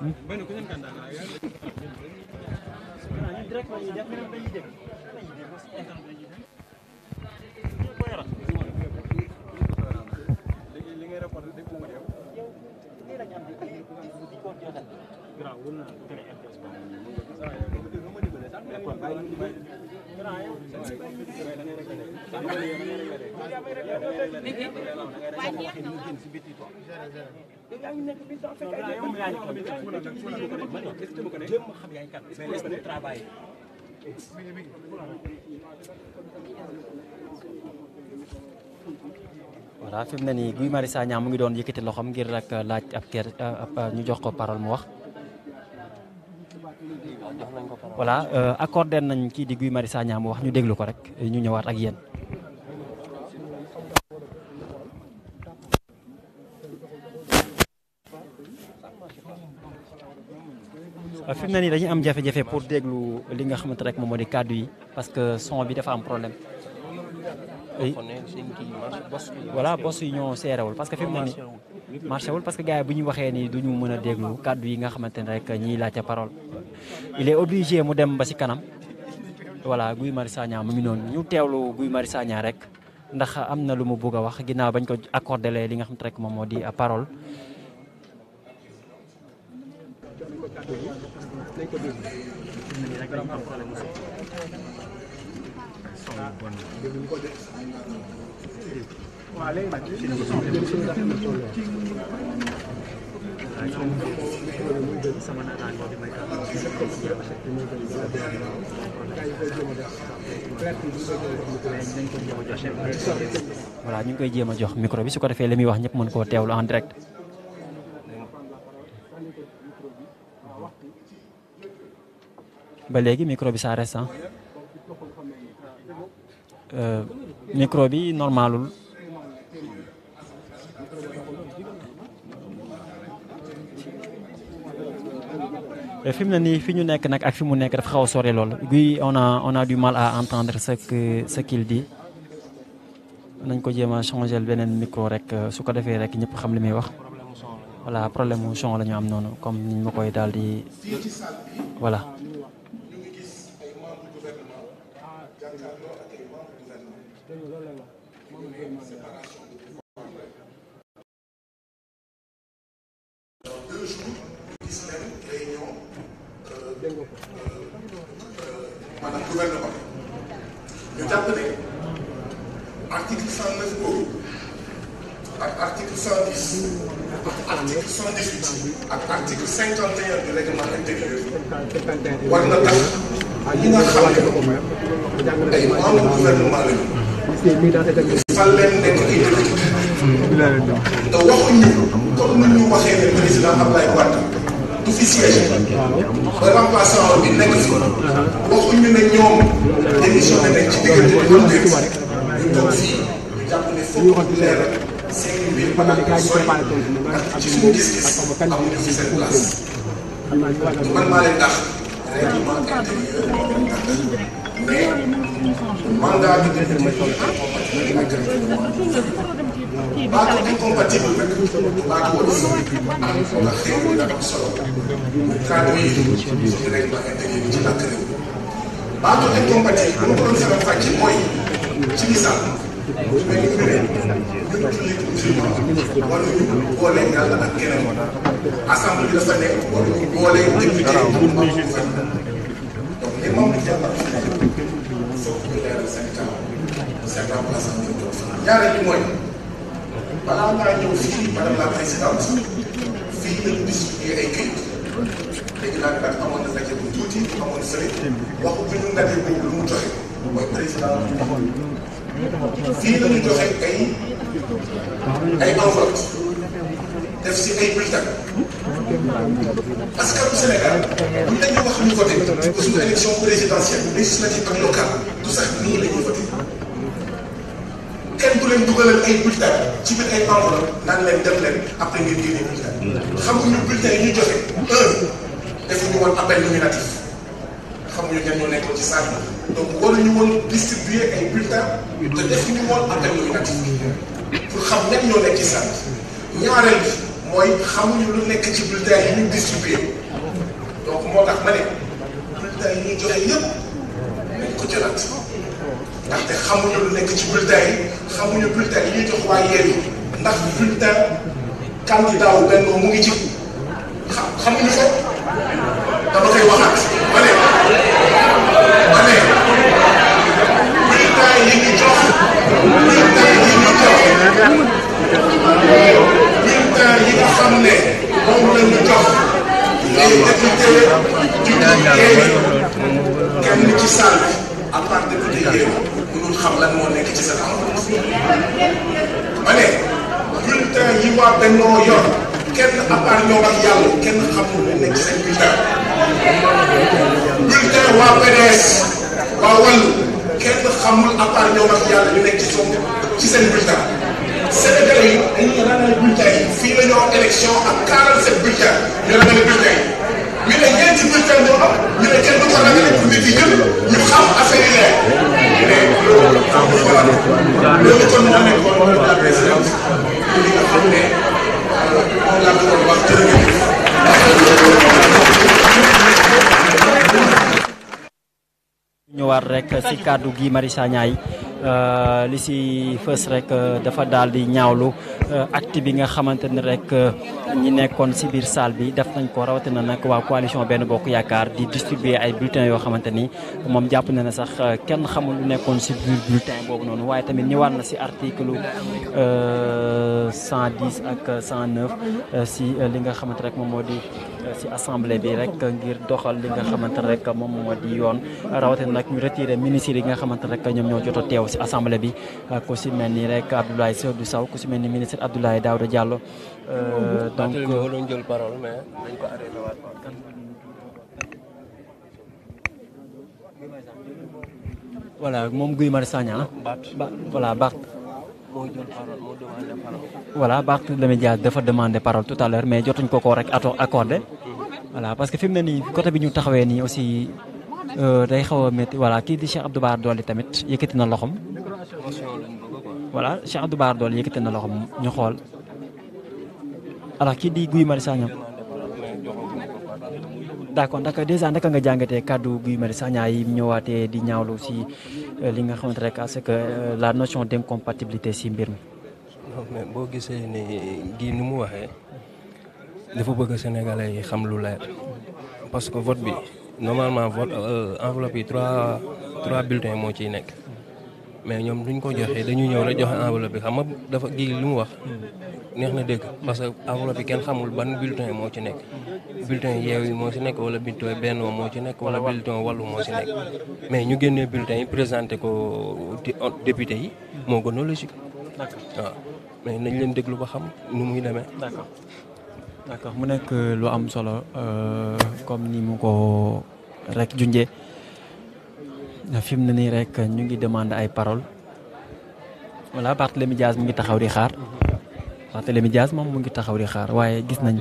Gracias. voilà fi mu ne nii Guy Marius Sagna ngi doon yëkkati loxoom ngir rek laaj ab ker ñu jox ko parole mu wax. voilà euh, accordé nañ kii di Guy Marius Sagna mu wax ñu déglu ko rek ñu ñëwaat ak yéen. Euh, fi ne nii dañuy am jafe-jafe pour déglu li nga xamante rek moom moo di kàddu yi parce que son bi dafa am problème. voilà bos yi ñoo seerewul parce que fi ne nii marché wul parce que gars yi bu ñu waxee ni duñu mën a déglu kàddu yi nga xamante ne rek ñiy laajte parole il est mu dem ba ci kanam voilà Guy Marius Sagna mu ngi noonu ñu teewlu Guy Marius rek ndax am na lu mu bugg a wax ginnaaw bañ ko accordé li nga xamante rek moom moo di parole. waaw ñu ngi koy jéem a jox micro bi su ko defee li muy wax ñëpp mën koo teewlu en direct. ba léegi micro bi ça Euh, micro bi normalul fi mu ne nii fi ñu nekk nag ak fi mu nekk dafa xaw a sore lool guy on a on a du mal à entendre ce que ce qu'il nañ ko jéem a changer beneen micro rek euh, su ko defee rek ñëpp xam li muy wax voilà problème mu son la ñu am noonu comme niñ ma koy daal di voilà. ak article 110 ak article 118 ak article 51 du règlement intérieur war na tax ñi nga xam ne ay membre gouvernement lañu fal leen nekk ay député te waxuñu comme ni ñu waxee ne président Ablaye Wade du fi siège ba remplaçant bi nekk fi waxuñu ne ñoom démissionné nañ ci diggante bi ñoom déet ñu toog fii jàpp ne foog leeral kon nag gars yi préparé tool bi nga xam ne moom ak xaw ma kan bi ñu ko contrôle xam naa ñu waajal man maa leen ndax règlement intérieur mais mandat bi def na tool baa ko incompatible baa ko am na xëy na dafa solo kàddu yi ci règlement intérieur ci làkk réew baa ko incompatible bu ma ko doon faram fàcce mooy ci euh, misaal boole yàlla ak keneen assemblée bi dafa nekk waruñu boole député donc les membres du dialogue sauf que leeral cinq ans cinq ans place am ñëw ñaareel bi mooy balaa ngaa ñëw fii madame la présidente fii lañu distribué ay këyit léegi nag daal amoon na ndaje bu tuuti amoon sëriñ waxu bi ñu ndaje boobu lu mu joxe mooy président fii la ñu joxe ay ay enveloppe def si ay bulletin parce que bu Sénégal bu ñu wax ñu voté pour suñu élection présidentielle législative ak locale du sax nii la ñuy voté kenn du leen dugalal ay bulletin ci biir ay enveloppe naan leen dem leen après ngeen génne bulletin xam nga ñu bulletin yi ñu joxe un defuñu woon xamuñu kenn ñoo nekkoon ci saag bi donc waruñu woon distribuer ay bulletins te def ñu woon appel nominatif pour xam ñan ñoo nekk ci saag bi ñaareel mooy xamuñu lu nekk ci bulletins yi ñu distribuer donc moo tax ma ne bulletins xamuñu lu nekk ci bulletins yi xamuñu bulletins yi ñuy jox waa ndax bulletin candidat o Benno mu ngi ci xamuñu ko dama koy Sall en tant que député Yewwi xam lan moo nekk ci seen enveloppe. ma ne bulletin yi waa Bennoo yor kenn à part ñoom ak yàlla kenn xamul waa PDS waa Wallu kenn xamul à part ñoom ak yàlla ñu nekk ci seen ci seen bulletin. Sénégalais yi dañuy ragal ñu ne ñeenti si kàddu gi Mari Sagna Euh, li si fës rek euh, dafa daal di ñaawlu euh, act bi nga xamante ne rek ñi nekkoon si biir salle bi def nañ ko rawatina nag waa coalition benn bokk yaakaar di distribuer ay bulletins yoo xamante ni moom jàpp na ne sax kenn xamul lu nekkoon si biir bulletin boobu noonu waaye tamit ñëwaat na si article 110 ak 109 si li nga xamante rek moom moo di si assemblée bi rek ngir doxal li nga xamante rek moom moo di yoon rawatina nag ñu retiré ministres yi nga xamante rek ñoom ñoo jot teew si assemblée bi euh, ku si mel ni rek Abdoulaye Seydou Sow ku si mel ni ministre Abdoulaye Daouda Diallo. Euh, donc voilà moom Guy Marius Sagna ah. voilà Bart. voilà Barthélémy dafa demandé parole tout à l'heure mais jotuñ ko ko rek accorder mm-hmm. voilà parce que fi ne nii côté bi ñu taxawee nii aussi. Euh, day xaw a métti voilà kii di Cheikh Abdou Bara Dolly tamit yëkkati na loxom voilà Cheikh Abdou Bara Dolly yëkkati na loxom ñu xool alors kii di Guy Marius Sagna d'accord ndaka déjà ndaka nga jàngatee kàddu Guy Marius Sagna yi ñëwaatee di ñaawlu si euh, li nga xamante rek parce que euh, la notion d'incompatibilité si mbir mi. non boo gisee ni gii ni mu waxee dafa bëgg Sénégalais xam lu leer parce vote bi. normalement vote euh, enveloppe yi trois trois bulletins moo ciy nekk mais ñoom duñ ko joxee dañuy ñëw rek joxe enveloppe bi xam nga dafa gi li mu wax neex na dégg parce que enveloppe yi kenn xamul ban bulletin moo ci nekk bulletin yeew yi moo ci nekk wala bulletin benn moo ci nekk wala bulletin wàllu moo ci nekk mais ñu génnee bulletin yi présenté ko euh, député yi moo gën a logique waaw mais nañ leen déglu ba xam nu muy demee accord mu nekk euh, lu am solo euh, comme ni mu ko rek junjee fi mu ne nii rek ñu ngi demande ay parole voilà Barthélémy Dias mu ngi taxaw di xaar Barthélémy Dias moom mu ngi taxaw di xaar waaye gis nañ